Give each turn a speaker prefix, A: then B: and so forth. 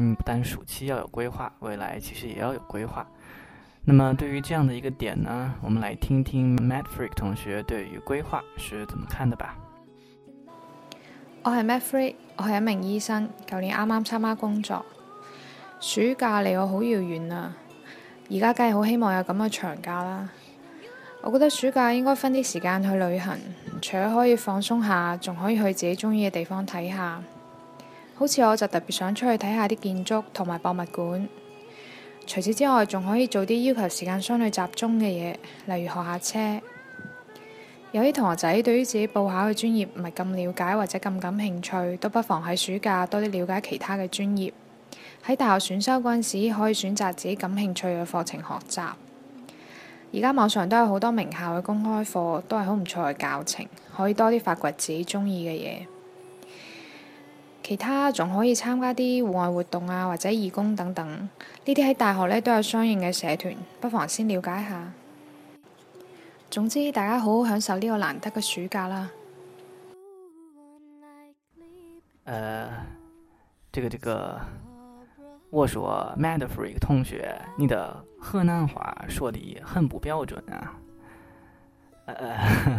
A: 嗯，不但暑期要有規劃，未來其實也要有規劃。那麼對於這樣的一個點呢，我們來聽聽 Matt Free 同學對於規劃是怎麼看的吧。
B: 我係 Matt Free，我係一名醫生，舊年啱啱參加工作。暑假離我好遙遠啊，而家梗係好希望有咁嘅長假啦。我覺得暑假應該分啲時間去旅行，除咗可以放鬆下，仲可以去自己中意嘅地方睇下。好似我就特別想出去睇下啲建築同埋博物館。除此之外，仲可以做啲要求時間相對集中嘅嘢，例如學下車。有啲同學仔對於自己報考嘅專業唔係咁了解或者咁感興趣，都不妨喺暑假多啲了解其他嘅專業。喺大學選修嗰陣時，可以選擇自己感興趣嘅課程學習。而家網上都有好多名校嘅公開課，都係好唔錯嘅教程，可以多啲發掘自己中意嘅嘢。其他仲可以參加啲戶外活動啊，或者義工等等。呢啲喺大學呢都有相應嘅社團，不妨先了解下。總之，大家好好享受呢個難得嘅暑假啦。
A: 呃，這個這個，我說 Madafree 同學，你的河南話說得很不標準啊。呃呵呵。